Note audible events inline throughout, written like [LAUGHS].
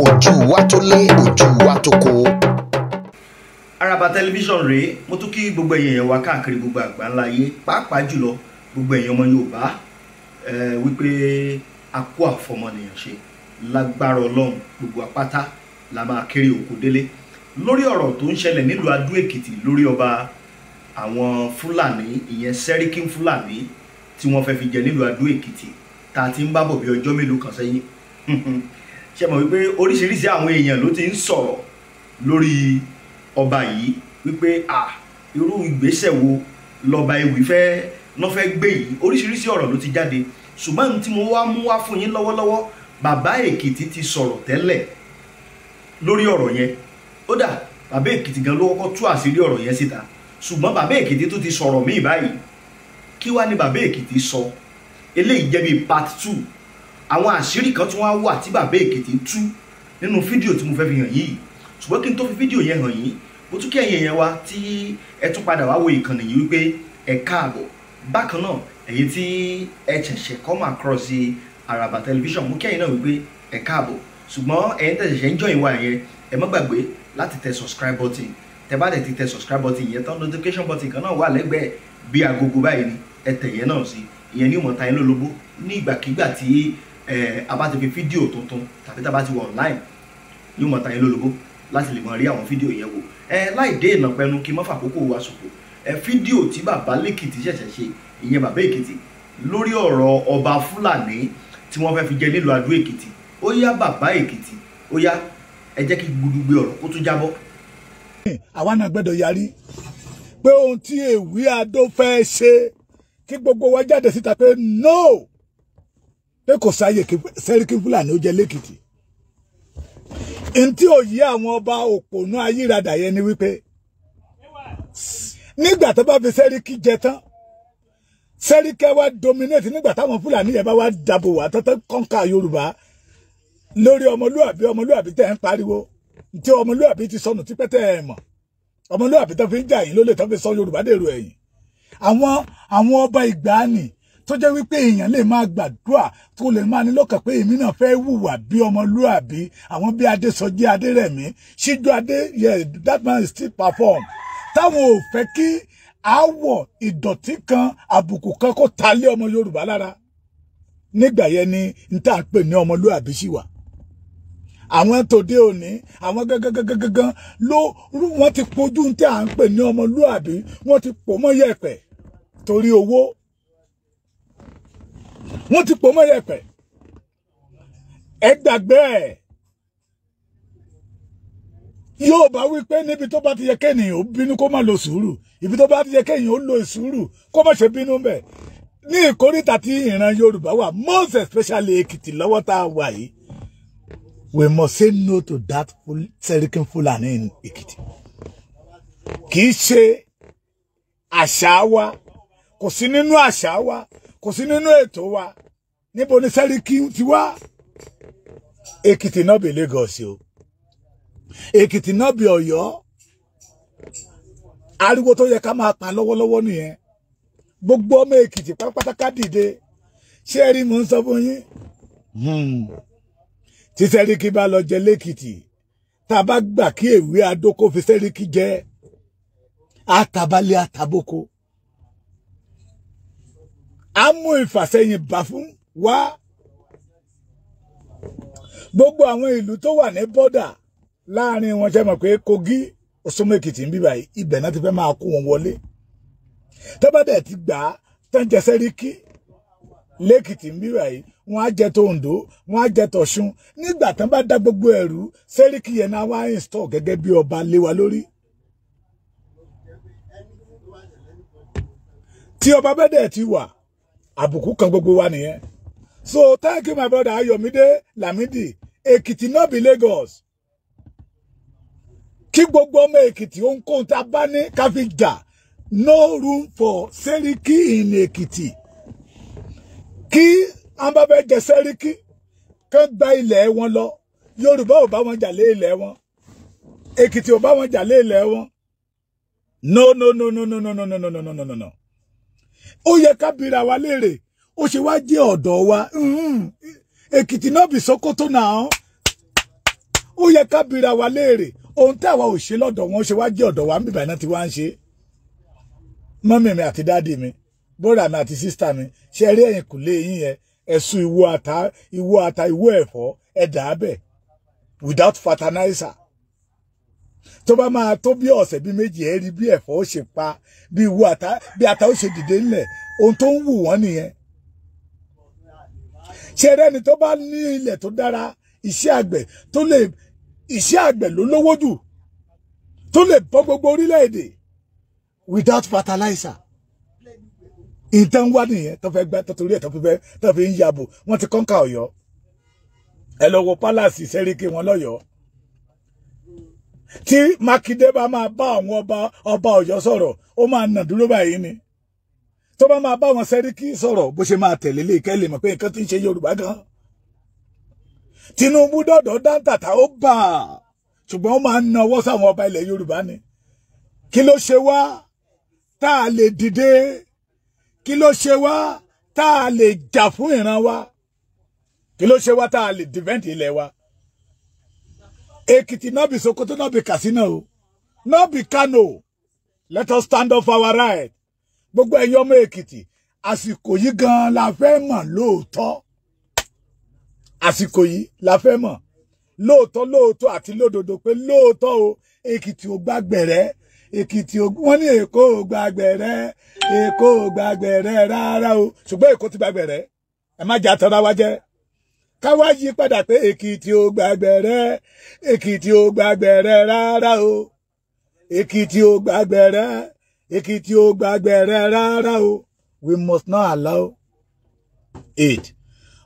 ojú wa tó lé ojú wa tó kó. Araba tẹlifíṣàn rèé mo tún kí gbogbo èèyàn wa káàkiri gbogbo àgbáńlá ayé pàápàá jùlọ gbogbo èèyàn ọmọ Yorùbá wípé a kó àfọmọnìyàn ṣe lágbára Ọlọ́run gbogbo apáta la máa kéré òkú délé lórí ọ̀rọ̀ tó ń ṣẹlẹ̀ nílùú Adó Èkìtì lórí ọba àwọn Fúlàní ìyẹn sẹ́ríkì Fúlàní tí wọ́n fẹ́ fi jẹ nílùú Adó Èkìtì tá a ti ń bá bọ̀ bí ọjọ́ mélòó kan sẹ́yìn [LAUGHS] ṣe mọ̀ wípé oríṣiríṣi àwọn èèyàn ló ti ń sọ̀rọ̀ lórí ọba yìí wípé irú ìgbésẹ̀ wo lọ́ba ewì fẹ́ lọ́ gbé yìí oríṣiríṣi ọ̀rọ̀ ló ti jáde ṣùgbọ́n tí mo wá mú wá fún yín lọ́wọ́lọ́wọ́ bàbá èkìtì ti sọ̀rọ̀ tẹ́lẹ̀ lórí ọ̀rọ̀ yẹn ó dà bàbá èkìtì gan ló kọ́kọ́ tú àṣírí ọ̀rọ̀ yẹn síta ṣùgbọ́n bàbá èkìtì tó ti sọ̀rọ̀ míì báyìí kí wá ní bàbá èkìtì sọ eléyìí jẹ́ bíi part two àwọn àṣírí kan tí wọ́n á wà tí bàbá èkìtì tú nínú fídíò tí mo fẹ́ fi hàn yìí ṣùgbọ́n kí n tó fi fídíò yẹn hàn yín mo tún kí ẹ̀yin èèyàn wa tí ẹ tún padà wá wo ìkànnì yìí wípé ẹ káàbọ̀ bákan náà èyí tí ẹ ṣẹ̀ṣẹ̀ come across àràbà tẹlifíṣàn mo kí ẹ̀yin náà wípé ẹ káàbọ̀ ṣùgbọ́n ẹ̀yin tẹ̀ ṣẹ̀ṣẹ̀ ń jọ ìwà yẹn ẹ má gbàgbé láti tẹ subscribe button tẹ bá dẹ̀ ti tẹ subscribe button yẹn tán notification button kan náà wà lẹ́gbẹ̀ẹ́ bí agogo báyìí ni ẹ tẹ̀ yẹn náà sí ìyẹn ní ìmọ̀ta yẹn lólobó ní ìgbàkigbà tí ẹ a bá ti fi fídíò tuntun tàbí tá wọ online yóò mọ̀ tayé lólobó láti lè mọ rí àwọn fídíò yẹn wò ẹ láì dé ìnà pẹnu kí mọ́fà àkókò wa ṣòfò ẹ fídíò tí bàbá lẹ́kìtì ṣẹ̀ṣẹ̀ ṣe ìyẹn bàbá èkìtì lórí ọ̀rọ̀ ọba fúlàní tí wọ́n fẹ́ fi jẹ nílùú adó èkìtì ó yá bàbá èkìtì ó yá ẹ jẹ́ kí gbùdùgbé ọ̀rọ̀ kó tún jábọ́. àwa náà gbẹ́dọ̀ yarí pé ohun tí èwe adó fẹ́ ṣe kí gbogbo wa jáde síta pé no pé kò sáyè sẹ́ríkì fúlàní ó jẹ lẹ́kìtì ntí òyí àwọn ọba òpònú ayíradà yẹn ni wípé nígbà tó bá fi sẹ́ríkì jẹ tán sẹ́ríkì wa dominate nígbà táwọn fúlàní yẹn bá wá dàbò wá tọ́tọ́ kọ́ńkà yorùbá lórí ọmọlúàbí ọmọlúàbí tẹ̀ ń pariwo ntí ọmọlúàbí ti sọnù tí pẹ́tẹ́ ẹ̀ mọ̀ ọmọlúàbí tó fi ń jà yín lólè tó fi sọ yorùbá dèrò ẹ̀yìn àwọn àwọn ọba ìgbàanì tó jẹ́ wípé èèyàn lè máa gbàdúrà tó lè máa ní lọ́kàn pé èmi náà fẹ́ wùwà bí ọmọlúàbí àwọn bí Adésọjí Adérẹ̀mí Síjú Adé yeah that man still perform táwọn ò fẹ́ kí aáwọ̀ ìdọ̀tí kan àbùkù kan kó ta lé ọmọ Yorùbá lára nígbà yẹn ni n tá à ń pè ní ọmọlúàbí sì wà àwọn tòde òní àwọn gangan ló wọ́n ti pojú tí à ń pè ní ọmọlúàbí wọ́n ti pò mọ́ yẹ̀pẹ̀ torí owó wọ́n ti pò mọ́ yẹ̀pẹ̀ ẹ gbàgbé ẹ̀ yóò bá wí pé níbi tó bá ti yẹ kéèyàn ó bínú kó má lo sùúrù ibi tó bá ti yẹ kéèyàn ó lo sùúrù kó má ṣe bínú bẹ̀ ní ìkórìtà tí ìran Yorùbá wà most especially Èkìtì lọ́wọ́ tá a wà yìí we must say no to that Serikin Fulani in Èkìtì kì í ṣe àṣà wa kò sí nínú àṣà wa kò sí nínú ètò wa níbo ni sẹ́ríkì ti wá èkìtì náà bí Lagos o èkìtì náà bí Ọ̀yọ́ ariwo tó yẹ ká máa pa lọ́wọ́lọ́wọ́ nìyẹn gbogbo ọmọ èkìtì pátápátá dìde ṣé ẹ rí mò ń sọ fún yín hmm. tí sẹ́ríkì bá lọ jẹ lẹ́kìtì tá a bá gbà kí èwe adókó sẹ́ríkì jẹ àtàbálẹ̀ àtàbókó á mú ìfàsẹ́yìn bá fún wa gbogbo àwọn ìlú tó wà ní bọ́dà láàrin wọn ṣe mọ̀ pé Kogi Òṣùmọ̀ Èkìtì ń bí báyìí ibẹ̀ náà ti fẹ́ máa kó wọn wọlé tọ́bàdẹ̀ ti gbà á tẹ́ǹjẹ́ Sẹ́ríkì lẹ́kìtì ń bí báyìí wọ́n á jẹ tó Oǹdó wọ́n á jẹ tọ̀ṣun nígbà tán bá dá gbogbo ẹ̀rú Sẹ́ríkì yẹn náà wá install gẹ́gẹ́ bí ọba lé lórí. tí ọba bẹ́dẹ̀ ti wà àbùkù kan gbogbo wa nìyẹn so thank you my brother Ayọ̀mídé Lamidi Èkìtì náà bí Lagos kí gbogbo ọmọ Èkìtì ohunkóhun tá a bá ní ká fi jà no room for Seriki in Èkìtì kí an bá fẹ́ jẹ Seriki kán gba ilẹ̀ wọn lọ Yorùbá ò bá wọn jà lé ilẹ̀ wọn Èkìtì ò bá wọn jà lé ilẹ̀ wọn no no no no no no no no no no no no ó yẹ ká bira wa léèrè ó ṣe wá jẹ́ ọ̀dọ̀ wa mm-hmm. èkìtì náà bí sokoto náà ó yẹ ká bira wa léèrè ohun tí àwa ò ṣe lọ́dọ̀ wọn ó ṣe wá jẹ́ ọ̀dọ̀ wa níbi ìbànú tí wọ́n ń ṣe mọ́mì mi àti dáàdì mi bóra mi àti sísítà mi ṣe eré ẹ̀yìn kò lé yín yẹn ẹ̀sùn ìwo ata ìwo ata ìwo ẹ̀fọ́ ẹ̀dà abẹ without fertilizer tó bá máa tó bí ọ̀sẹ̀ bí méjì ẹ rí bí ẹ̀fọ́ ó ṣe pa bí iwu àtá bí ata ó ṣe dìde ńlẹ̀ ohun tó ń wù wọ́n nìyẹn ṣe rẹ́ni tó bá ní ilẹ̀ tó dára iṣẹ́ àgbẹ̀ tó lè iṣẹ́ àgbẹ̀ ló lówó jù tó lè bọ́ gbogbo orílẹ̀-èdè without fertilizer ìtàn wá nìyẹn tó fẹ́ gbá tó torí ẹ̀ tó fi fẹ́ tó fi ń yàbò wọ́n ti kọ́ńkà ọ̀yọ́ ẹ lọ wo pálásì sẹ́ríkì wọn lọ́yọ̀ọ́ tí mákindé bá máa bá àwọn ọba ọba ọ̀yọ́ sọ̀rọ̀ ó máa nà dúró báyìí ni tó bá máa bá wọn sẹ́ríkì sọ̀rọ̀ bó ṣe máa tẹ̀lé lè kẹ́ lè mọ̀ pé nǹkan tí ń ṣe yorùbá gan tinubu dọ̀dọ̀ dáńtàtà ó bà á ṣùgbọ́n ó máa ń nawọ́ sáwọn ọba ilẹ̀ yorùbá ni kí ló ṣe wá tá a lè dìde kí ló ṣe wá tá a lè jà fún ìran wa kí ló ṣe wá tá a lè dìfẹ́ǹdì ilẹ̀ wa Ekiti, not be Sokoto, not be Casino, not be Kano. Let us stand up for our right. Gbogbo ẹ̀yin ọmọ Ekiti, àsìkò yìí gan la fẹ́ mọ̀ lóòótọ́. Àsìkò yìí la fẹ́ mọ̀ lóòótọ́ lóòótọ́ àti lódodo pé lóòótọ́ o Ekiti ò gba gbẹ̀rẹ́. Èkìtì wọ́n ní Èkó ò gba gbẹ̀rẹ́ Èkó ò gba o ṣùgbọ́n Èkó ti gba gbẹ̀rẹ́ ẹ má jà wa jẹ́ káwá yí padà pé èkìtì ò gbàgbẹ̀rẹ́ èkìtì ò gbàgbẹ̀rẹ́ rárá o èkìtì ò gbàgbẹ̀rẹ́ èkìtì ò gbàgbẹ̀rẹ́ rárá o we must not allow it.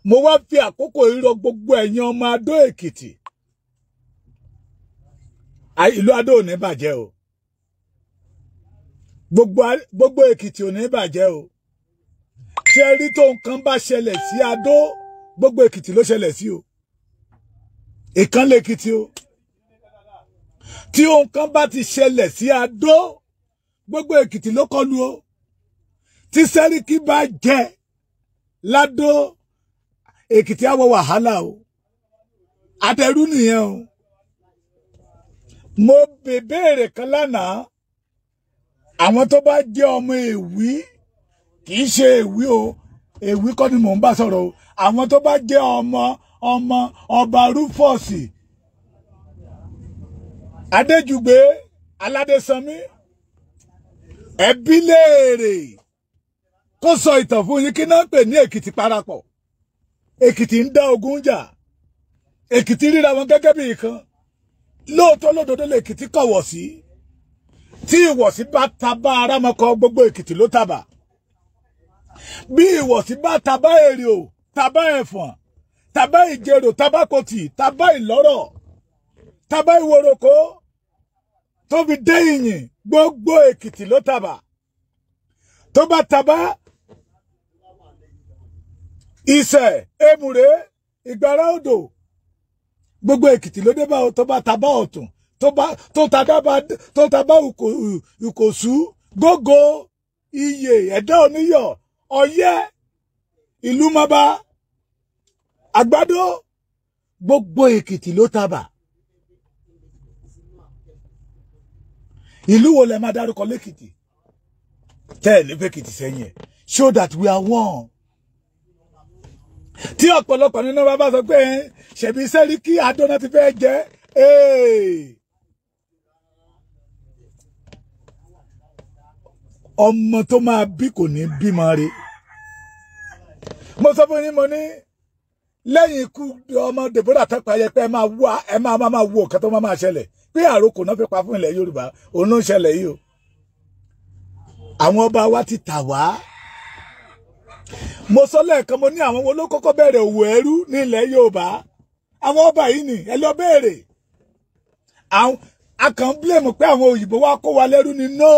mo wá fi àkókò ìrọ gbogbo ẹ̀yin ọmọ adó èkìtì ìlú adó ò ní bàjẹ́ o gbogbo èkìtì ò ní bàjẹ́ o ṣe rí tó nǹkan bá ṣẹlẹ̀ sí adó gbogbo Èkìtì ló ṣẹlẹ̀ sí o ìkànlẹ̀ Èkìtì o tí ohun kan bá ti ṣẹlẹ̀ sí Adó gbogbo Èkìtì ló kọlu o tí Sẹ́ríkì bá jẹ ládó Èkìtì àwọ̀ wàhálà o àtẹrú nìyẹn o mo bèbèrè kan lánàá àwọn tó bá jẹ́ ọmọ èwí kì í ṣe èwí o èwí kọ́ ni mò ń bá sọ̀rọ̀ o àwọn tó bá jẹ́ ọmọ ọmọ ọba rúfọ́ọ̀sì adéjùgbé aládésanmí ẹbí léèrè kó sọ ìtàn fún yín kí náà pè ní èkìtì parapọ̀ èkìtì ń dá ogun jà èkìtì ríra wọn gẹ́gẹ́ bí nǹkan lóòótọ́ lódodo lè èkìtì kọ̀wọ̀ sí tí ìwọ̀sí bá ta bá arámọkọ gbogbo èkìtì ló tàbà bí ìwọ̀sí bá ta bá èrè o tabá ẹ̀fọ̀n tabá ìjerò tabá kòtì tabá ìlọ́rọ̀ tabá ìworokó tó fi dé ìyìn gbogbo èkìtì ló tàbà tó bá tabá ìṣẹ̀ èmùrè ìgbára odò gbogbo èkìtì ló dé báwo tó bá tabá ọ̀tún tó tabá ìkòsú gógó iyè ẹ̀dá oníyọ̀ ọ̀yẹ́ ìlú mọ́ba àgbàdo gbogbo èkìtì ló tabà ìlú wo lẹ máa dárúkọ lẹ́kìtì tẹ́ ẹ̀ ní fẹ́kìtì sẹ́yìn ẹ̀ show that we are one tí ọ̀pọ̀lọpọ̀ nínú wa bá sọ pé ṣebí sẹ́ríkì adọ́nà ti fẹ́ jẹ́ ọmọ tó máa bí kò ní bímọ rẹ̀ mo sọ fún yín mo ní lẹ́yìn ikú ọmọ Deborah tán payẹ pé ẹ máa wá ẹ máa máa máa wo nǹkan tó máa máa ṣẹlẹ̀ pé àròkò náà fi pa fún ilẹ̀ Yorùbá òun ló ń ṣẹlẹ̀ yìí o àwọn ọba wa ti tà wá mo sọ lẹ́ẹ̀kan mo ní àwọn wo ló kọ́kọ́ bẹ̀rẹ̀ òwò ẹrú ní ilẹ̀ Yorùbá àwọn ọba yìí ni ẹ lọ béèrè àwọn a kàn ń blame pé àwọn òyìnbó wa kó wa lẹ́rú ni no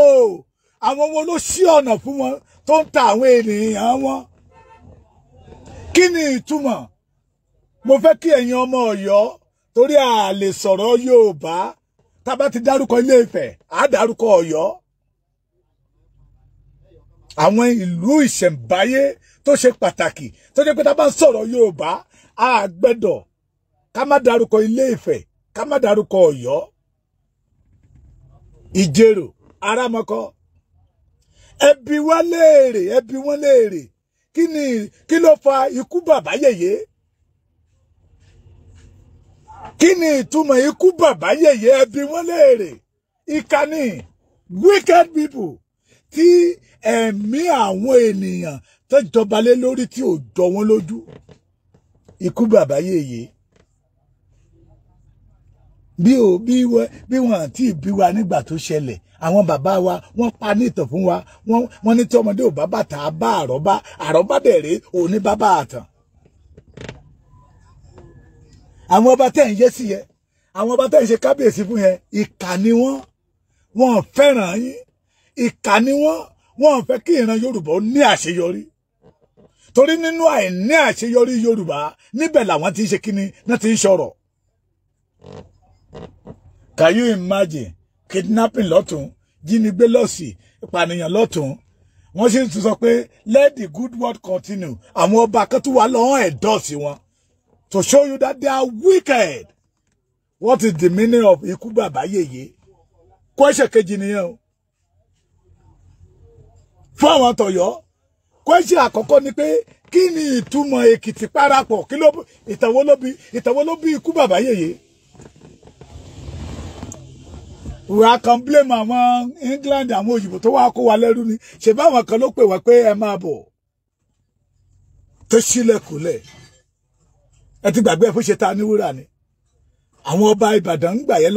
àwọn wo ló ṣí ọ̀nà fún wọn tó ń ta àwọn ènìyàn wọn kí ni ìtumọ̀ mo fẹ́ kí ẹ̀yin ọmọ ọ̀yọ́ torí a lè sọ̀rọ̀ yorùbá tá a bá ti dárúkọ ilé ifẹ̀ á dárúkọ ọ̀yọ́ àwọn ìlú ìṣẹ̀ǹbáyé tó ṣe pàtàkì tó jẹ́ pé tá a bá ń sọ̀rọ̀ yorùbá a gbẹ́dọ̀ ká má dárúkọ ilé ifẹ̀ ká má dárúkọ ọ̀yọ́ ìjẹ̀rò arámọkọ ẹbí wọn léèrè ẹbí wọn léèrè kí ló fa ikú bàbá yèyé kí ni ìtumọ̀ ikú bàbá yẹ̀yẹ́ ẹbí wọ́n léèrè ìkànnì wicked people tí ẹ̀mí àwọn ènìyàn tó jọba lé lórí tí ò jọ wọn lójú ikú bàbá yèyé bí ò bí wọ bí wọn àti ìbí wa nígbà tó ṣẹlẹ̀ àwọn bàbá wa wọ́n pa ní ìtàn fún wa wọ́n ní tí ọmọdé ò bá bàtà bá àrọ́bá àrọ́bá bẹ̀rẹ̀ òní bàbá àtàn àwọn ọba tẹ́ ń yé sí yẹn àwọn ọba tẹ́ ń ṣe kábíyèsí fún yẹn ìkà ni wọ́n wọn fẹ́ràn yín ìkà ni wọ́n wọn fẹ́ kí ìran yorùbá ní àṣeyọrí torí nínú àìní àṣeyọrí yorùbá níbẹ̀ làwọn ti ń ṣe kíni náà ti ń sọ̀rọ̀ can you imagine kidnapping lọ́tún jínigbé lọ́sì ìpànìyàn lọ́tún wọ́n sì tún sọ pé let the good word continue àwọn ọba kan tún wà lọ́wọ́ ẹ̀dọ́ọ̀sì wọn to show you that they are wicked. What is the meaning of ikú Bayeye? yèyé? Kwẹ́sẹ̀ kejì nìyẹn o. Fún àwọn tọ̀yọ́, kwẹ́sẹ̀ àkọ́kọ́ ni pé kí ni ìtumọ̀ Èkìtì parapọ̀ kí ló ìtàwó ló bí ìtàwó ló bí ikú bàbá yèyé? Wà á kan blame àwọn England àwọn òyìnbó tó wá kó wa lẹ́rú ni. Ṣèbá àwọn kan ló pè wá pé ẹ máa bọ̀. Tó ẹ ti gbàgbé fún ṣe ta ní wúrà ni àwọn ọba Ìbàdàn ń gbà yẹ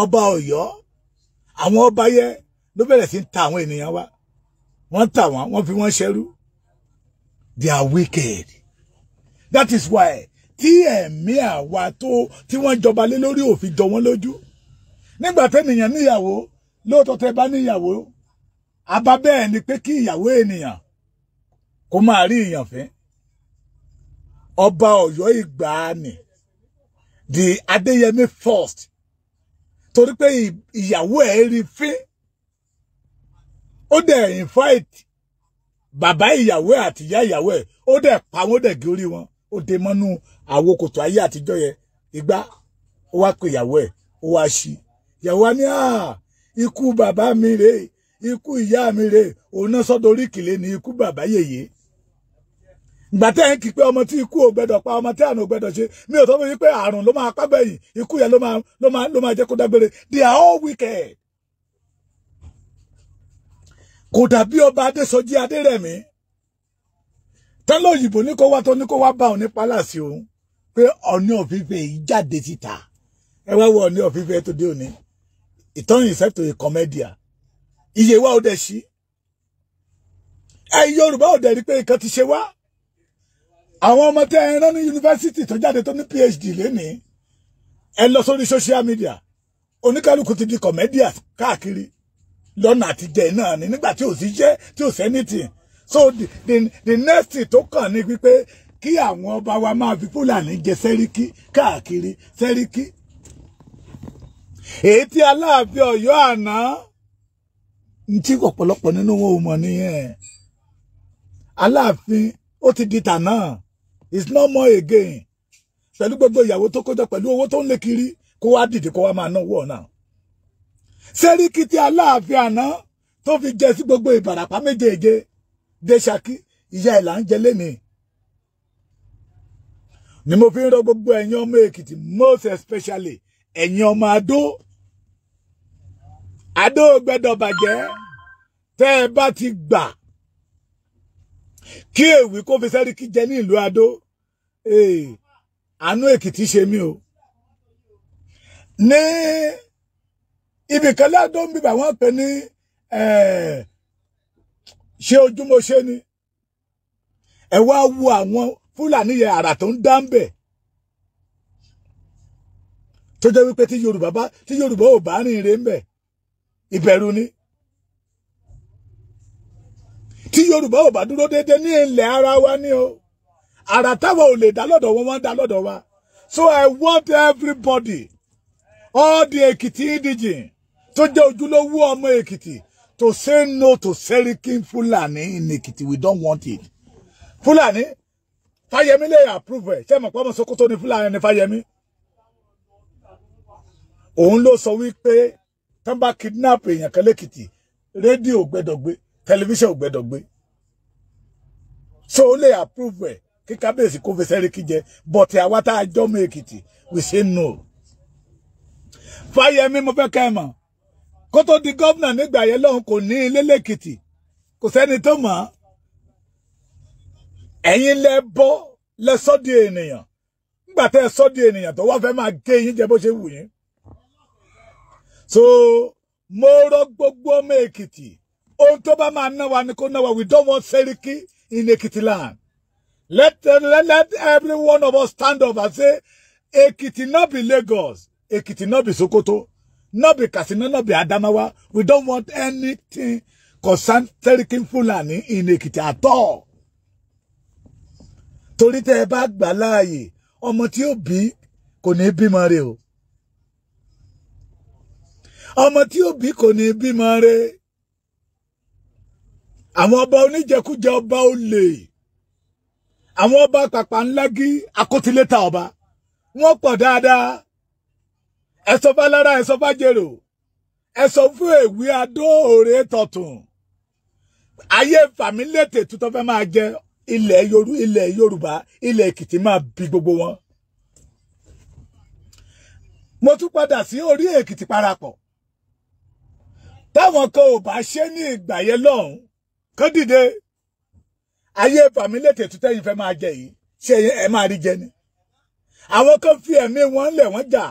ọba Ọ̀yọ́ àwọn ọba yẹ ló bẹ̀rẹ̀ sí ń ta àwọn ènìyàn wa wọ́n tà wọ́n wọ́n fi wọ́n ṣẹrú they are wicked that is why tí ẹ̀mí àwa tó tí wọ́n jọba lé lórí òfin jọ wọ́n lójú nígbà tẹ́nìyàn níyàwó lóòótọ́ tẹ́ bá níyàwó àbá bẹ́ẹ̀ ni pé kí ìyàwó ènìyàn kó máa rí ìyàn ọba Ọ̀yọ́ ìgbàanì di Adéyẹmí first torí pé ìyàwó ẹ̀ rí fín ó dẹ̀ invite bàbá ìyàwó ẹ̀ àti ìyá ìyàwó ẹ̀ ó dẹ̀ pa wọ́n dẹ̀ gé orí wọn ó dé mọ́nú àwo kòtò ayé àtijọ́ yẹn ìgbà ó wá pe ìyàwó ẹ̀ ó wá ṣí ìyàwó wa ní ikú bàbá mi rèé ikú ìyá mi rèé òun náà sọ́dọ̀ oríkìlẹ̀ ní ikú bàbá yèyé ìgbà tẹ́ kí pé ọmọ tí ikú ò gbẹ́dọ̀ pa ọmọ tí àrùn ò gbẹ́dọ̀ ṣe mi ò tọ́ fún yín pé àrùn ló máa pàgbẹ́yìn ikú yẹn ló máa ló máa ló máa jẹ́ kó dágbére they are all wicked. kò dàbí ọba adésọjí adérẹ̀mí tẹ́lẹ̀ òyìnbó ní kó wá tó ní kó wá bá òun ní pálàsì òun pé ọ̀ní ọ̀fífẹ́ yìí jáde síta ẹ wá wọ ọ̀ní ọ̀fífẹ́ tó dé òní ìtọ́yìn himself to a comedian iye wa ò dẹ̀ sí ẹ Yorùbá ò dẹ̀ rí pé nǹkan ti ṣe wá àwọn ọmọ tẹ́ ẹ rán ní yunifásitì tó jáde tó ní phd lénìí ẹ lọ sórí social media oníkálukú ti di comedian káàkiri lọ́nà àtijẹ́ náà ni nígbà tí ò sí iṣẹ́ tí ò sẹ́nìtì so the, the, next thing tó kàn ní wípé kí àwọn ọba wa máa fi fúlàní jẹ sẹ́ríkì káàkiri sẹ́ríkì èyí tí aláàfin Ọ̀yọ́ àná tí ọ̀pọ̀lọpọ̀ nínú wọn ò mọ̀ nìyẹn aláàfin ó ti di tà náà it's no more again pẹ̀lú gbogbo ìyàwó tó kójọ pẹ̀lú owó tó ń lé kiri kó wá dìde kó wá máa náwó ọ̀nà sẹ́ríkì tí aláàfin àná tó fi jẹ sí gbogbo ìbàràpá méjèèje dé ṣakí ìyá ẹ̀ là ń jẹ lénìí ni mo fi ń rọ gbogbo ẹ̀yin ọmọ èkìtì most especially ẹ̀yin ọmọ adó adó gbẹ́dọ̀ bàjẹ́ tẹ́ ẹ bá ti gbà kí èwì kó fi sẹ́ríkì jẹ ní ìlú adó àánú èkìtì ṣe mí o ní ibìkan ládó ń bíbà wọ́n pè ní ṣé ojúmọ́ṣe ni ẹ wá wo àwọn fúlàní yẹn àrà tó ń dá ń bẹ̀ tó jẹ́ wípé tí yorùbá ò bá rìn rè ń bẹ̀ ìbẹ̀rù ni tí Yorùbá ò bá dúró déédé ní ilẹ̀ ara wa ni o àrà táwa ò lè dá lọ́dọ̀ wọn wọ́n dá lọ́dọ̀ wa so I want everybody all the Èkìtì indigene tó jẹ́ ojúlówó ọmọ Èkìtì to say no to Serikin Fulani in Èkìtì we don't want it Fulani Fáyẹmí lè approve ẹ̀ ṣé mọ̀ pọ́nmọ́ Sokoto ni Fulani ni Fáyẹmí òun ló sọ wípé tán bá kidnap èèyàn kan lẹ́kìtì rédíò gbẹdọ̀gbẹ́ tẹlifíṣàn ò gbẹ́dọ̀ gbé so ó lè approve ẹ̀ kí kábíyèsí kó fi sẹ́ríkì jẹ but àwa tá a jọ mọ èkìtì we say no fáyemí mo fẹ́ kẹ́ ẹ mọ̀ kó tó di gómìnà nígbà yẹn lọ́hùn kò ní ilé lẹ́kìtì kò sẹ́ni tó mọ̀ ẹ̀yin lẹ bọ́ lẹ sọ́ ènìyàn nígbà tẹ́ ẹ ènìyàn tó wá fẹ́ máa gé yín jẹ bó ṣe wù yín so mo rọ gbogbo ọmọ èkìtì ohun tó bá máa we don't want seliki in Ekiti land let, let, let every one of us stand up and say Ekiti no be Lagos Ekiti no be Sokoto no be Katsina no be Adamawa we don't want anything concern seliki, Fulani in Ekiti at all torí tẹ́ balai, bá gbà láàyè ọmọ tí ó bí kò àwọn ọba oníjẹkújẹ ọba olè àwọn ọba pàpà ńlági akótiléta ọba wọn pọ̀ dáadáa ẹsọ fálára ẹsọ fájèrò ẹsọ fún èwe adó òrè tọtùn ayé fàmílétè tuntun fẹ́ máa jẹ ilẹ̀ yorù ilẹ̀ yorùbá ilẹ̀ èkìtì máa bí gbogbo wọn mo tún padà sí orí èkìtì parapọ̀ táwọn kan ò bá ṣe ní ìgbà yẹn lọ́hùnún kán dìde ayé fàmílétè tó tẹ́yìn fẹ́ máa jẹ yìí ṣé ẹ máa rí jẹ ni àwọn kan fi ẹ̀mí wọn lẹ̀ wọ́n jà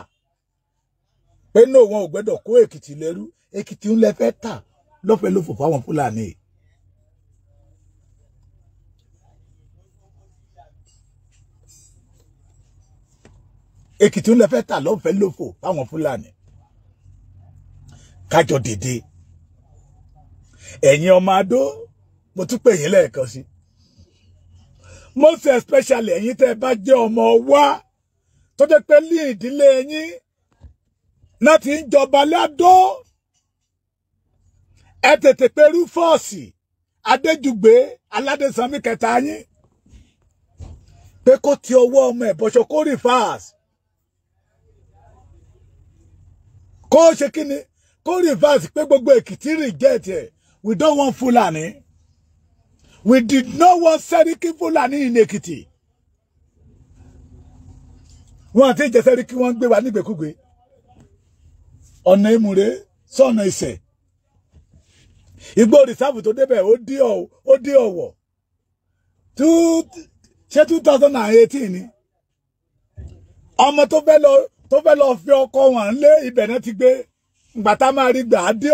pé náà wọn ò gbẹ́dọ̀ kó èkìtì lẹ́rú èkìtì ń lẹ fẹ́ tà lọ́fẹ̀ẹ́ ló fò fáwọn fúlàní. èkìtì ń lẹ fẹ́ tà lọ́fẹ̀ẹ́ ló fò fáwọn fúlàní. kájọ dìde ẹ̀yin ọmọ adó mo tún pè yín lẹ́ẹ̀kan sí most especially ẹ̀yin tẹ́ ẹ bá jẹ́ ọmọ wa tó jẹ́ pé lé ìdílé yín láti ń jọba ládó ẹ tètè pé rúfọ́ọ̀sì adéjùgbé aládésanmí kẹta yín pé kó ti ọwọ́ ọmọ ẹ̀ bọ́ṣọ kó rí fáàs kó ṣe kí ni kó rí fáàs pé gbogbo èkìtì rìjẹ́ẹ̀tì ẹ̀ we don't want Fulani. We did not want Seriki Fulani in Ekiti. Wọ́n àti ìjẹ Seriki wọ́n ń gbé wa nígbèkúgbé. Ọ̀nà Emure sọ̀nà Ìṣẹ̀. Igbó rìsáàbù tó débẹ̀ ó dé ọ̀wọ̀. Ṣé 2018 ni? Ọmọ tó fẹ́ lọ tó fẹ́ lọ lé ibẹ̀ náà ti gbé. Ìgbà tá máa rí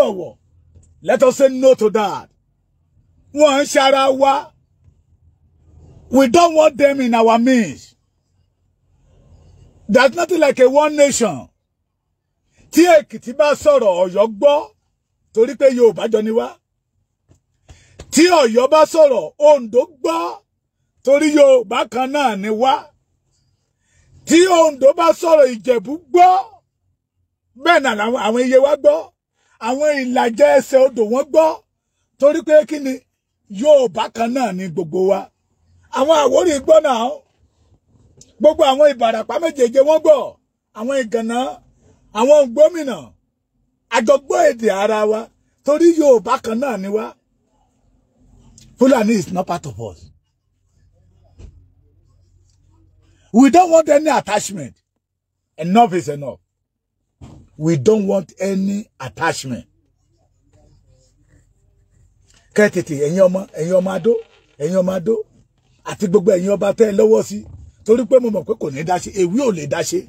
á ọ̀wọ̀. Let us say no to that. wọn ń ṣara wa we don't want them in our midst there's nothing like a one nation tí èkìtì bá sọ̀rọ̀ ọ̀yọ́ gbọ́ torí pé yorùbá jọ ni wá tí ọ̀yọ́ bá sọ̀rọ̀ oǹdó gbọ́ torí yorùbá kan náà ni wá tí oǹdó bá sọ̀rọ̀ ìjẹ̀bú gbọ́ bẹ́ẹ̀ náà làwọn àwọn iye wa gbọ́ àwọn ìlàjẹ ẹsẹ̀ odò wọn gbọ́ torí pé kí ni Yorùbá kan náà ni gbogbo wa àwọn Àwórì gbọ́ náà gbogbo àwọn Ìbàràpá méjèèjì wọ́n gbọ́ àwọn Ìgànná àwọn Ògbómìnà àjọgbọ́ èdè ara wa torí Yorùbá kan náà ni wá Fulani is not part of us we don't want any attachment enough is enough we don't want any attachment kẹ́ tètè ẹ̀yin ọmọ ẹ̀yin ọmọ adó ẹ̀yin ọmọ adó àti gbogbo ẹ̀yin ọba tẹ́ ẹ lọ́wọ́ sí torí pé mo mọ̀ pé kò ní dá ṣe èwí ò lè dá ṣe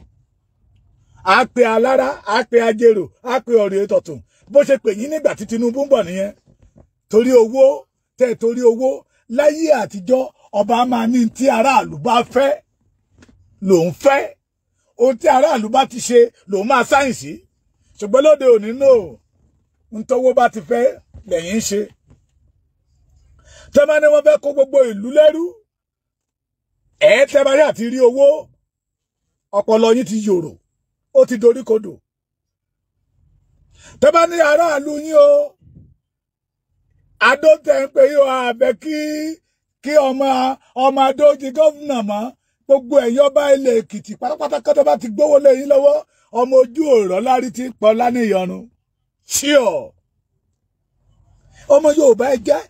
a pe alára a pe ajérò a pe ọ̀rẹ́ ìtọ̀tún bó ṣe pè yín nígbà tí Tinubu ń bọ̀ nìyẹn torí owó tẹ́ torí owó láyé àtijọ́ ọba máa ní tí aráàlú bá fẹ́ lòun fẹ́ ohun tí aráàlú bá ti ṣe lòun máa sáyìn sí ṣùgbọ́n lóde òní náà ń tọ́wọ́ bá ti fẹ́ lẹ́yìn ṣe tẹ́ bá ní wọ́n fẹ́ kó gbogbo ìlú lẹ́rú ẹ̀ tẹ́ bá rí àti rí owó ọpọlọ yín ti yòrò ó ti doríkodò tẹ́ bá ní aráàlú yín o adó tẹ̀ ń pè yín o àbẹ̀ kí kí ọmọ ọmọ adó di mọ́ gbogbo ẹ̀yọ́ bá ilẹ̀ èkìtì pátápátá kọ́tọ́ bá ti gbówó lé lọ́wọ́ ọmọ ojú ọ̀rọ̀ lárí ti ń pọ̀ láníyanu ṣíọ̀ ọmọ yorùbá ẹ jẹ́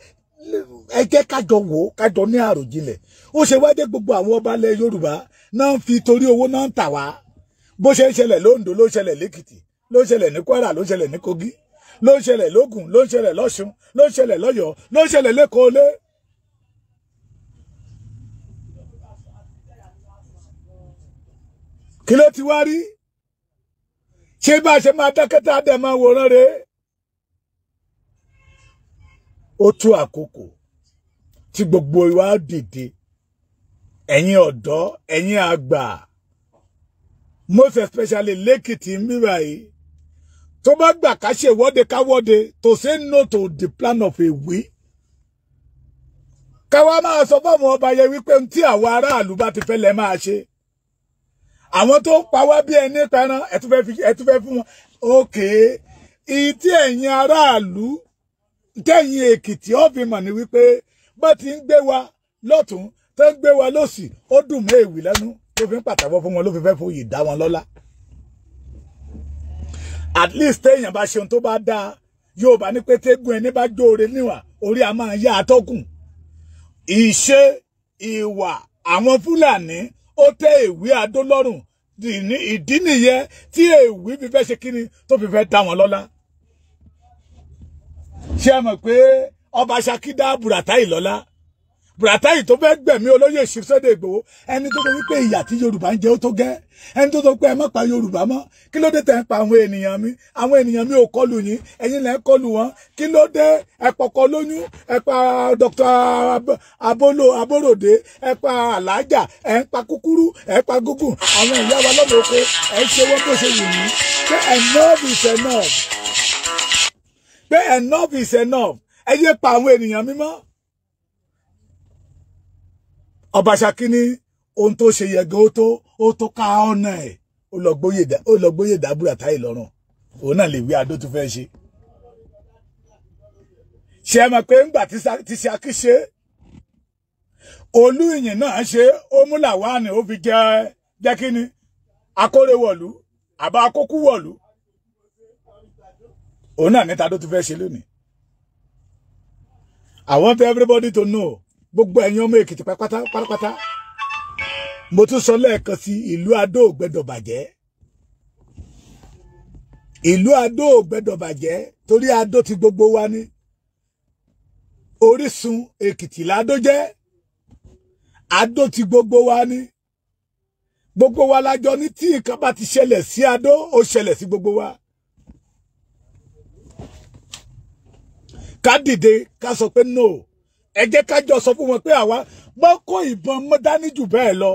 ẹ jẹ́ kájọ wò ó kájọ ní àròjinlẹ̀ ó ṣe wá dé gbogbo àwọn ọba ilẹ̀ Yorùbá náà ń fi torí owó náà ń tà wá bó ṣe ń ṣẹlẹ̀ lóńdó ló ń ṣẹlẹ̀ lẹ́kìtì ló ń ṣẹlẹ̀ ní Kwara ló ń ṣẹlẹ̀ ní Kogi ló ń ṣẹlẹ̀ lógùn ló ń ṣẹlẹ̀ lọ́ṣun ló ń ṣẹlẹ̀ ló ń ṣẹlẹ̀ lé. kí ló ti wá rí ṣé bá a ṣe máa dákẹ́tà dẹ̀ máa wòran rèé ó tó àkókò tí gbogbo wa dìde ẹ̀yin ọ̀dọ́ ẹ̀yin àgbà most especially lẹ́kìtì mìíràn yìí tó bá gbà ká ṣe ìwọ́de ká wọ́de to say no to the plan of a we káwa máa sọ fọ́ọ̀mù ọba yẹn wípé tí àwọn aráàlú bá ti fẹ́ lẹ́ máa ṣe àwọn tó ń pa wá bí ẹni pẹran ẹ tún fẹ́ fún wọn ókè ìtí ẹ̀yin aráàlú tẹ́yìn èkìtì ọ́fìmọ̀ ni wípé bá ti ń gbé wa lọ́tún tó ń gbé wa lọ́sì ó dùn mọ́ èwì lẹ́nu ló fi ń pàtàkọ́ fún wọn ló fi fẹ́ fòye dá wọn lọ́lá at least téèyàn bá ṣeun tó bá dáa yóò bá ní pé tégún ẹni bá jóore níwà orí a máa yá atọ́kùn ìṣe ìwà àwọn fúlàní ó tẹ́ èwì adó lọ́rùn ìdí nìyẹn tí èwì fi fẹ́ ṣe kíni tó fi fẹ́ dá wọn lọ́lá ṣé ẹ mọ̀ pé ọba ṣakídá buratai lọ́lá buratai tó fẹ́ gbẹ̀mí olóyè ṣiṣẹ́dẹ̀ Ìgbòho ẹni tó sọ wípé ìyà tí yorùbá ń jẹ ó tó gẹ́ ẹni tó sọ pé ẹ má pa yorùbá mọ́ kí ló dé tẹ̀ ń pa àwọn ènìyàn mi àwọn ènìyàn mi ò kọlù yín ẹ̀yin lẹ́ ń kọlù wọn kí ló dé ẹ lóyún ẹ dr abolo aborode ẹ pa alájà ẹ ń pa kúkúrú ẹ pa gúgùn àwọn ìyá wa lọ́mọ oko ẹ ṣe wọ́n bó ṣe wù yín ṣé enough is pé enough is enough ẹ yé pa àwọn ènìyàn mímọ́ ọba ṣakíní ohun tó ṣe yẹgẹ ó tó ó tó ká ọ̀nà ẹ̀ ó lọ gbóyè dábúrà táyì lọ́rùn òun náà lè wí adó tó fẹ́ ṣe ṣe mọ̀ pé ńgbà tí ṣakí ṣe olú ìyìn náà ṣe ó múlà wá ní ó fi jẹ́ jẹ́ kí ni akórèwọ̀lú àbá akókúwọ̀lú Oh na níta ló tún fẹ́ ṣe lónìí I want everybody to know gbogbo ẹ̀yin ọmọ Èkìtì pátápátá mo tún sọ lẹ́ẹ̀kan sí ìlú Adó ò gbẹ́dọ̀ bàjẹ́ ìlú Adó ò gbẹ́dọ̀ bàjẹ́ torí Adó ti gbogbo wa ni orísun Èkìtì l'Adó jẹ́ Adó ti gbogbo wa ni gbogbo wa lájọ ní tí nǹkan bá ti ṣẹlẹ̀ sí Adó ó ṣẹlẹ̀ sí gbogbo wa. ká dìde ká sọ pé no ẹ jẹ́ ká jọ sọ fún wọn pé àwa gbọ́ kó ìbọn mọ́ dání jù bẹ́ẹ̀ lọ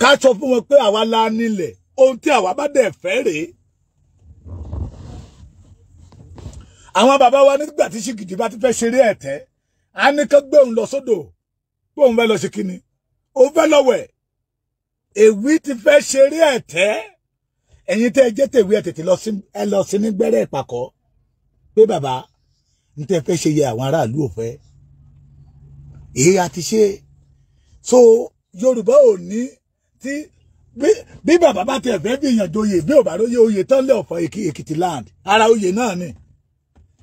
ká sọ fún wọn pé àwa la nílẹ̀ ohun tí àwa bá dẹ̀ fẹ́ rèé. àwọn bàbá wa nígbà tí ṣìgìdì bá ti fẹ́ ṣeré ẹ̀tẹ́ a ní kán gbé òun lọ sódò pé òun fẹ́ lọ ṣe kíni òun fẹ́ lọ́wẹ̀ èwì ti fẹ́ ṣeré ẹ̀tẹ́ ẹ̀yin tẹ́ ẹ jẹ́ tèwé ẹ̀ tètè lọ sí nígbẹ́rẹ́ ìpàkọ́ pé bàbá ní tẹ́ ṣe yẹ àwọn aráàlú ò èyí a ti ṣe so yorùbá ò ní tí bí bàbá bá tiẹ̀ fẹ́ bí ìyànjòyè bí ò bá róye oyè tán lé ọ̀fọ̀ èkìtì land ara oyè náà ni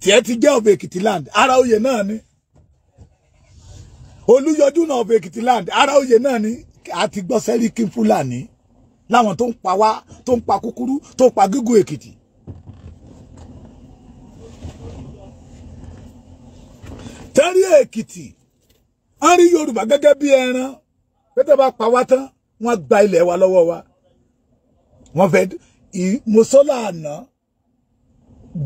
tiẹ̀ ti jẹ́ ọ̀fọ̀ èkìtì land ara oyè náà ni olúyọdún náà ọ̀fọ̀ èkìtì land ara oyè náà ni a ti gbọ́ sẹ́ríkì fúlàní láwọn tó ń pa wá tó ń pa kúkúrú tó ń pa gígùn èkìtì tẹ́rí ekiti wọ́n yoruba yorùbá gẹ́gẹ́ bí ẹran pété bá pa wá tán wọ́n gba ilẹ̀ wa lọ́wọ́ wa wọ́n fẹ́ mọ́sọ́lá àná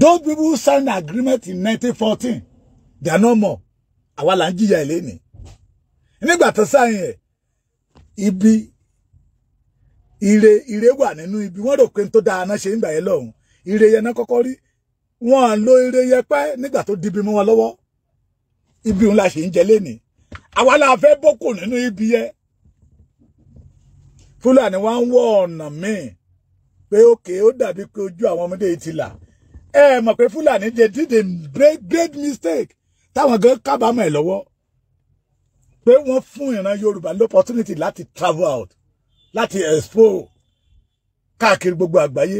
those people sign signed agreement in 1914 they are no more àwa là ń jìyà ẹ̀ lẹ́nìí nígbà tó sáyẹn ibi ire ire wa nínú ibi wọ́n rò pé tó dáa náà ṣe ń gbà yẹn ire yẹn náà kọ́kọ́ rí wọ́n lo ire yẹn pẹ́ nígbà tó dibi mọ́ wọn lọ́wọ́ ibi òun la ṣe ń jẹ lénìí àwa la fẹ́ bókò nínú ibi yẹ fúlàní wa ń wọ ọ̀nà míì pé òkè ó dàbí pé ojú àwọn ọmọdé ti là ẹ mọ̀ pé fúlàní they did a great mistake táwọn gan kábàámọ̀ ẹ̀ lọ́wọ́ pé wọ́n fún ìran yorùbá ní opportunity láti travel out láti expo káàkiri gbogbo àgbáyé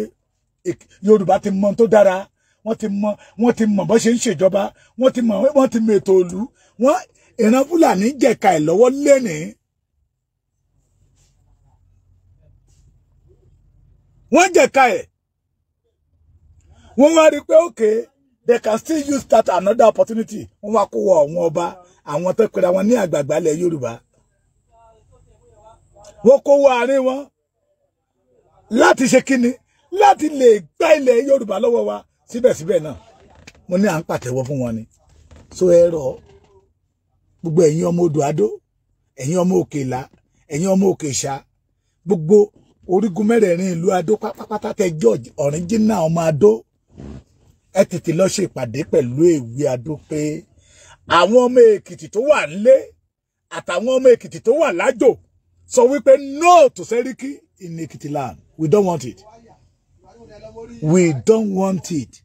yorùbá ti mọ tó dára wọ́n ti mọ wọ́n ti mọ̀ bó ṣe ń ṣèjọba wọ́n ti mọ̀ wọ́n ti mètò òlu wọ́n ìran fúlàní jẹ̀ka ẹ̀ lọ́wọ́ lénìí. wọ́n jẹ̀ka ẹ̀ wọ́n wá rí i pé òkè they can still use that another opportunity wọ́n wá kó wọ àwọn ọba àwọn tó pera wọn ní àgbààgbà ilẹ̀ Yorùbá wọ́n kó wọ àárín wọn láti ṣe kínni láti lè gba ilẹ̀ Yorùbá lọ́wọ́ wa síbẹ̀síbẹ̀ náà mo ní à ń pàtẹ́wọ́ fún wọn ni so ẹ̀rọ gbogbo ẹ̀yin ọmọ odò adó ẹ̀yin ọmọ òkè ẹ̀yin ọmọ òkè gbogbo orígun mẹ́rẹ̀ẹ̀rin ìlú adó pátápátá tẹ george ọ̀rìnjìnà ọmọ adó ẹ tètè lọ ṣe ìpàdé pẹ̀lú èwe adó pé àwọn ọmọ èkìtì tó wà nílé àtàwọn ọmọ èkìtì tó wà lájò sọ wípé no to Seriki in Ekiti land we don't want it. We don't want it.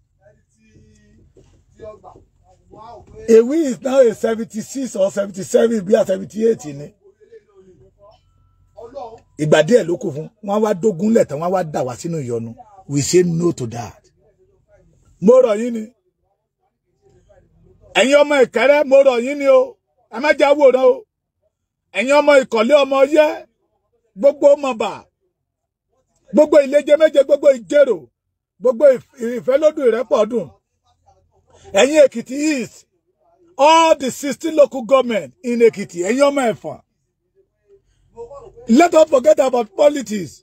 A we is now a 76 or 77, be a 78 ni. Ìgbà díẹ̀ ló kù fún, wọ́n wá dógún lẹ̀ tán, wọ́n wá dà wá sínú ìyọnu. We say no to that. Mo rọ̀ yín ni. Ẹ̀yin ọmọ Ìkẹ́rẹ́, mo rọ̀ ni o. Ẹ má jẹ́ àwòrán o. Ẹ̀yin ọmọ Ìkọ̀lé ọmọ yẹ́, gbogbo mọ̀bà, gbogbo ìleje méje gbogbo ìjèrò gbogbo ìfẹ́lódùn ìrẹ́pọ̀ ọdún ẹ̀yin Èkìtì East all the sixteen local government in Èkìtì ẹ̀yin ọmọ Ẹ̀fà let us forget about politics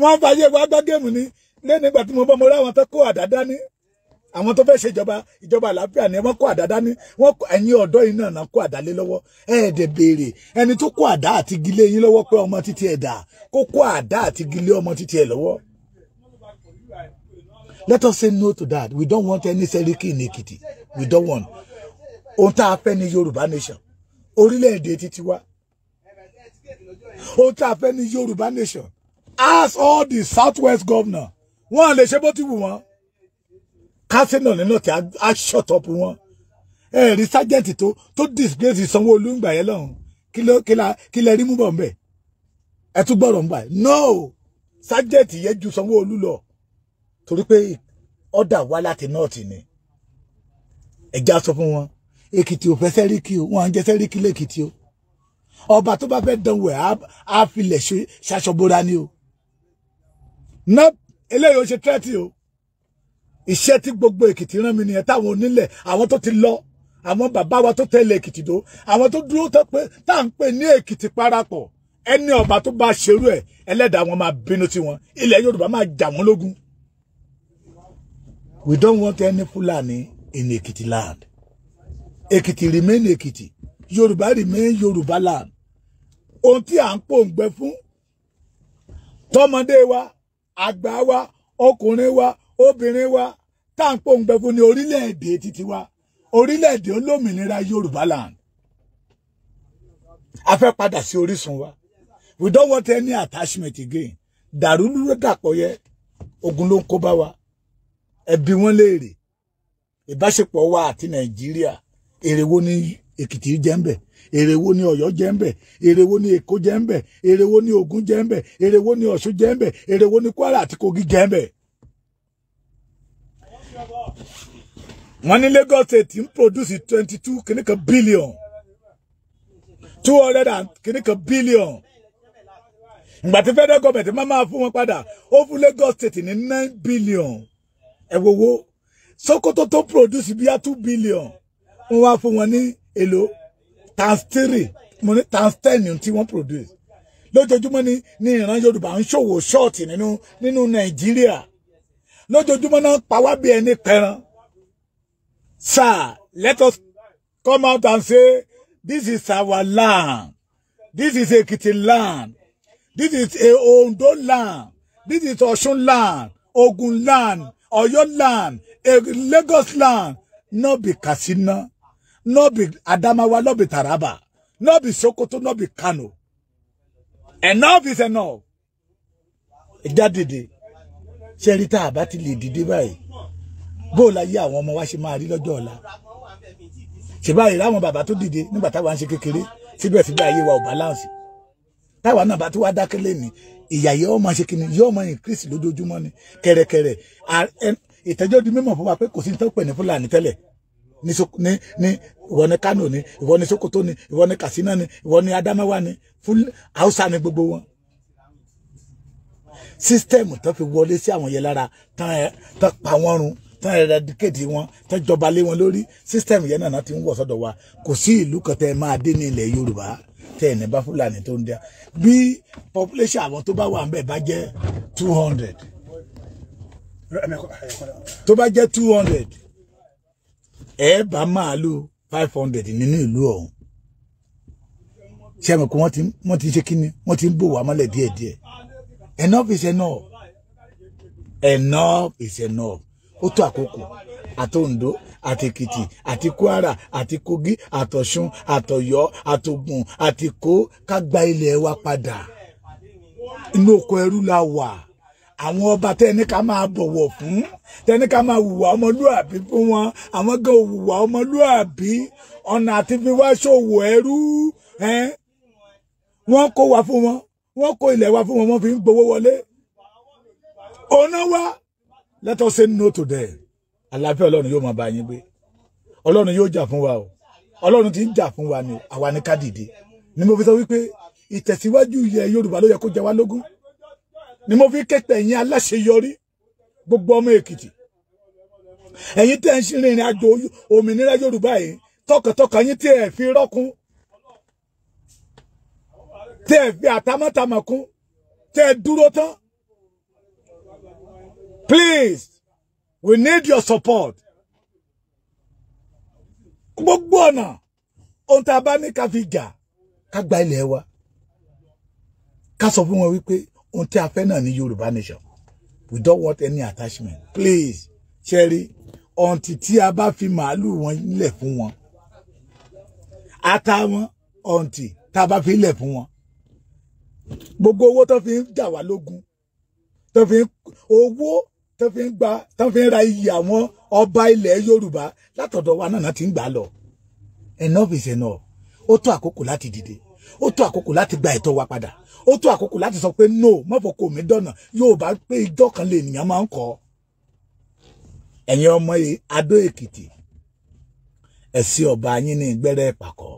wọ́n fàyè wá gbá géèmù ní lẹ́nu ìgbà tí mo bọ́ mo ráwọn tó kó àdá dání àwọn tó fẹ́ ṣe ìjọba ìjọba àlàáfíà ni wọ́n kó àdá dání wọ́n ẹ̀yin ọ̀dọ́ yìí náà kó àdá lé lọ́wọ́ ẹ̀ẹ́dẹ̀ béèrè ẹni tó kó àdá àti gilé yín lọ́wọ́ pé ọmọ títí ẹ̀ dà kó kó àdá àti gilé ọmọ títí ẹ̀ lọ́wọ́. Let us say no to that we don't want any Seriki in Ekiti we don't want ohun tá a fẹ́ ni Yorùbá nation orílẹ̀-èdè títí wa ohun tá a fẹ́ ni Yorùbá nation ask all the southwest governor wọ́n lè ṣe bó ti wù wọ́n kásínà nínú tí a ṣọ̀tọ̀pù wọn ẹ̀rí sájẹ́ǹtì tó tó disgrace Sanwó-Olú ìgbà yẹn lọ́hùn kí ló kí lẹ rí mú bọ̀ ń bẹ̀ ẹ tún gbọ́dọ̀ ń bá no sájẹ́ǹtì yẹn ju Sanwó-Olú lọ torí pé ọ̀dà wá láti nọ́ọ̀tì ni ẹ̀já sọ fún wọn Èkìtì ò fẹ́ sẹ́ríkì o wọn à ń jẹ sẹ́ríkì lẹ́kìtì o ọba tó bá fẹ́ dánwò ẹ̀ á filẹ̀ ṣaṣọbora ni o ná eléyìí ó ṣe tẹ́tì o iṣẹ́ tí gbogbo Èkìtì rán nìyẹn táwọn onílẹ̀ àwọn tó ti lọ àwọn bàbá wa tó tẹ̀lé Èkìtì dó àwọn tó dúró tó pé tá à ń pè ní Èkìtì parapọ̀ ẹni ọba tó bá ṣerú ẹ̀ ẹlẹ́dàá wọn máa bínú tí ilẹ̀ Yorùbá máa jà wọ́n lógun. we don't want any Fulani in Ekiti land Ekiti remain Ekiti Yorùbá remain Yorùbá land ohun tí à ń pòǹgbẹ fún tọmọdé wa àgbà wa ọkùnrin wa obìnrin wa tá à ń pòǹgbẹ fún ní orílẹ̀-èdè títí wa orílẹ̀-èdè olómìnira Yorùbá land a fẹ́ padà sí orísun wa we don't want any attachment again dàrúdúró dàpọ̀ yẹ ogun ló ń kó bá wa ẹbí wọn léèrè ìbáṣepọ̀ wa àti Nàìjíríà èrè wo ni Èkìtì jẹ́ ń bẹ̀ èrè wo ni Ọ̀yọ́ jẹ́ ń bẹ̀ èrè wo ni Èkó jẹ́ ń bẹ̀ èrè wo ni Ògùn jẹ́ ń bẹ̀ èrè ni Ọ̀ṣun jẹ́ ń bẹ̀ èrè ni Kwara àti Kogi jẹ́ ń bẹ̀. wọ́n ní Lagos state ń produce twenty two kìíní billion two hundred and kìíní billion ìgbà tí federal government máa máa fún wọn padà ó fún Lagos state ní nine billion ẹ̀wòwò Sokoto tó produce bíi two billion wọ́n wá fún wọn ní èlò times three mo ní times ten ní tí wọ́n produce lójoojúmọ́ ni ní ìran Yorùbá ń ṣòwò ṣọ́ọ̀tì nínú nínú Nàìjíríà lójoojúmọ́ náà pa wá bí ẹni pẹran Sir, let us come out and say, this is our land. This is Ekiti land. This is a Ondo land. This is Oshun land, Ogun land, Oyo land, A Lagos land. No be Katsina, No be Adamawa, No be Taraba, No be Sokoto, No be Kano. Enough is enough. Ìjà dìde. Ṣé rí tá a bá bóò la yí àwọn ọmọ wa ṣe máa rí lọ́jọ́ ọ̀la ṣèbá rẹ̀ láwọn bàbá tó dìde nígbà táwa ń ṣe kékeré síbẹ̀síbẹ̀ ayé wa ò báláǹsì táwa náà bá tó wá dákẹ́ lé ní ìyà yẹ́ ọmọ ṣe kíni yẹ́ ọmọ increase lójoojúmọ́ ni kẹ̀rẹ̀kẹ̀rẹ̀ ìtẹ́jọ́ di mímọ̀ fún wa pé kò sí ní tọ́pẹ̀ ní fúlàní tẹ́lẹ̀ ní ìwọ ní Kano ni ìwọ ní Sokoto ni ìwọ ní Katsina ni ìwọ ní Adamawa ni Hausa ni gbogbo wọn sísítẹ́ẹ̀mù tó fi wọlé sí àwọn yẹn tán pa wọ́n run tán eradicate wọn tán jọba lé wọn lórí system yẹn náà ti ń wọ̀ sọ́dọ̀ wa kò sí ìlú kan tẹ́ ẹ máa dé ní ilẹ̀ Yorùbá tẹ́ ẹ̀ ní bá Fúlàní tó ń dá bí population àwọn tó bá wà ń bá jẹ́ two hundred tó bá jẹ́ two hundred ẹ bá màálù five hundred nínú ìlú ọ̀hún ṣé àmì kò wọ́n ti wọ́n ti ṣe kíni wọ́n ti ń bò wá mọ́lẹ̀ díẹ̀díẹ̀ enough is enough enough is enough ó tó àkókò àtòǹdó àtèkìtì àti kwara àti kogi àtọ̀ṣun àtọ̀yọ́ àtògùn àti kó ilẹ̀ wa padà inú oko ẹrú la wà àwọn ọba tẹni ká máa bọ̀wọ̀ fún tẹni ká máa hùwà ọmọlúàbí fún wọn àwọn gan hùwà ọmọlúàbí ọ̀nà àti fi wá ṣòwò ẹrú wọ́n kó wa fún wọn wọ́n kó ilẹ̀ wa fún wọn wọ́n fi ń gbowó wọlé ọ̀nà wa let us say no to them àlàáfíà ọlọ́run yóò máa bá yín gbé ọlọ́run yóò jà fún wa o ọlọ́run ti ń jà fún wa ni àwa ní ká dìde ni mo fi sọ wípé ìtẹ̀síwájú ilẹ̀ yorùbá ló yẹ kó jẹ wá lógún ni mo fi kẹ́pẹ́ ẹ̀yin aláṣeyọrí gbogbo ọmọ èkìtì ẹ̀yin tẹ́ ń ṣìrìn ìrìn àjò òmìnira yorùbá yìí tọkàntọkàn yín tí ẹ fi rọ́kún tí ẹ fi àtàmọ́tàmọ́ kún tí ẹ dúró tán Please, we need your support. Gbogbo ọ̀nà, ohun tá a bá ní ká fi jà, ká nation. We don't want any attachment. Please, Cherry, onti tí a bá fi màálù wọn lẹ̀ fún wọn. Àtàwọn ọ̀ǹtì tá a bá fi lẹ̀ fún wọn tán fi ń gba tán fi ń ra iyì àwọn ọba ilẹ̀ Yorùbá látọ̀dọ̀ wa náà ti ń gbà lọ enough is enough ó tó àkókò láti dìde ó tó àkókò láti gba ẹ̀tọ́ wa padà ó tó àkókò láti sọ pé no mọ́fọ̀kọ mi dọ̀nà Yorùbá pé ijọ́ kan lè nìyàn máa ń kọ́ ẹ̀yin ọmọ Adó Èkìtì ẹ̀sìn ọba yín ní ìgbẹ́rẹ́ ìpàkọ́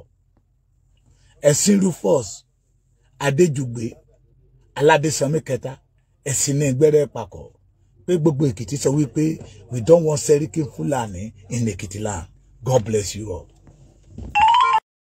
ẹ̀sìn Rufus Adéjùgbé Aládésanmí kẹta ẹ̀sìn ní ìgbẹ́rẹ́ ìpàkọ́ pé gbogbo Èkìtì sọ wípé we don't want Serikin Fulani in Ekiti land God bless you all.